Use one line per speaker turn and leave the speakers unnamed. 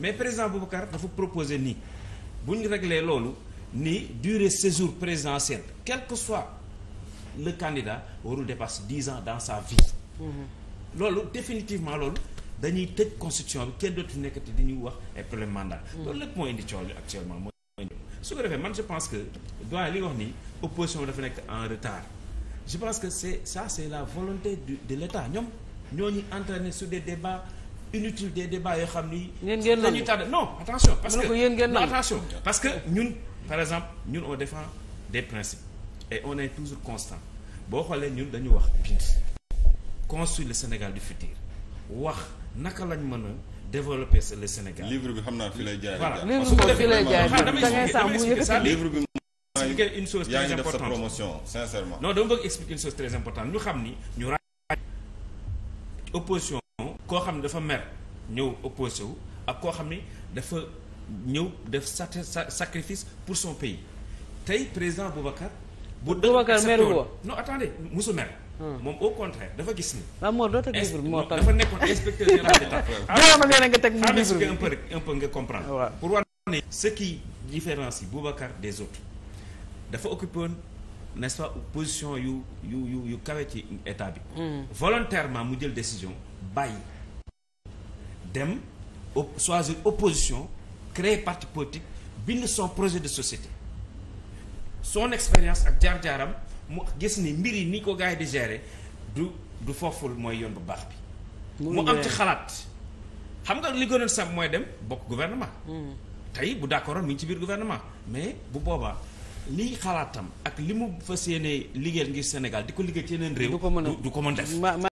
mais président Boubacar dafa proposer nii bu ñu réglé loolu ni durée séjour présidentielle quel que soit le candidat warul dépasse dix ans dans sa vie. Mm-hmm. loolu définitivement loolu dañuy tëj constitution bi kenn dootu nekkati di ñu wax ay problème mandat. Mm-hmm. loolu lépp moo indi coow li actuellement mooy indi su ko defee man je pense que doyen li nga wax nii opposition dafa nekk en retard je pense que c'est ça c'est la volonté de de l'État ñoom ñoo ñuy entraîner sur des inutile des débats yoo xam ni. ngeen dañuy tardé non attention. parce que non attention parce que ñun par exemple ñun on défend des principes et on est toujours constant boo xoolee ñun dañu wax bind. construire le Sénégal du futur wax naka lañ mën a développer le Sénégal. livre bi xam naa fi lay jaay. voilà livre boobu fi lay jaay livre bi expliquer une chose très importante yaa ngi def sa promotion sincèrement. non dama bëgg expliquer une chose très importante ñu xam ni ñu raadu opposition. koo xam ne dafa mer ñëw opposé wu ak koo xam ne dafa ñëw def sacrifice pour son pays tey président Boubacar. bu Boubacar mer wu non attendez musu mer. Hmm. moom au contraire dafa gis ni. waaw moo doon teg livre moo dafa nekkoon inspecteur général nga teg mu livre bi un peu un peu nga comprendre. waaw pour war ne ce qui différencie Boubacar des autres dafa occupé woon nest pas position yu yu yu yu ci état bi. Hmm. volontairement mu jël décision bàyyi. dem choisir opposition créer parti politique bind son projet de société son expérience ak jaar-jaaram mu gis ni mbir yi ni ko gars yi di gérer du du fooful mooy yoon bu baax bi. mu am ci xalaat. xam nga li gënoon sax mooy dem bokk gouvernement. Hmm. tey bu d'accord mu ngi ci biir gouvernement mais bu boobaa. lii xalaatam ak li mu fas yéene liggéeyal ngir Sénégal di ko liggéey ci yeneen réew. du ko mën a def.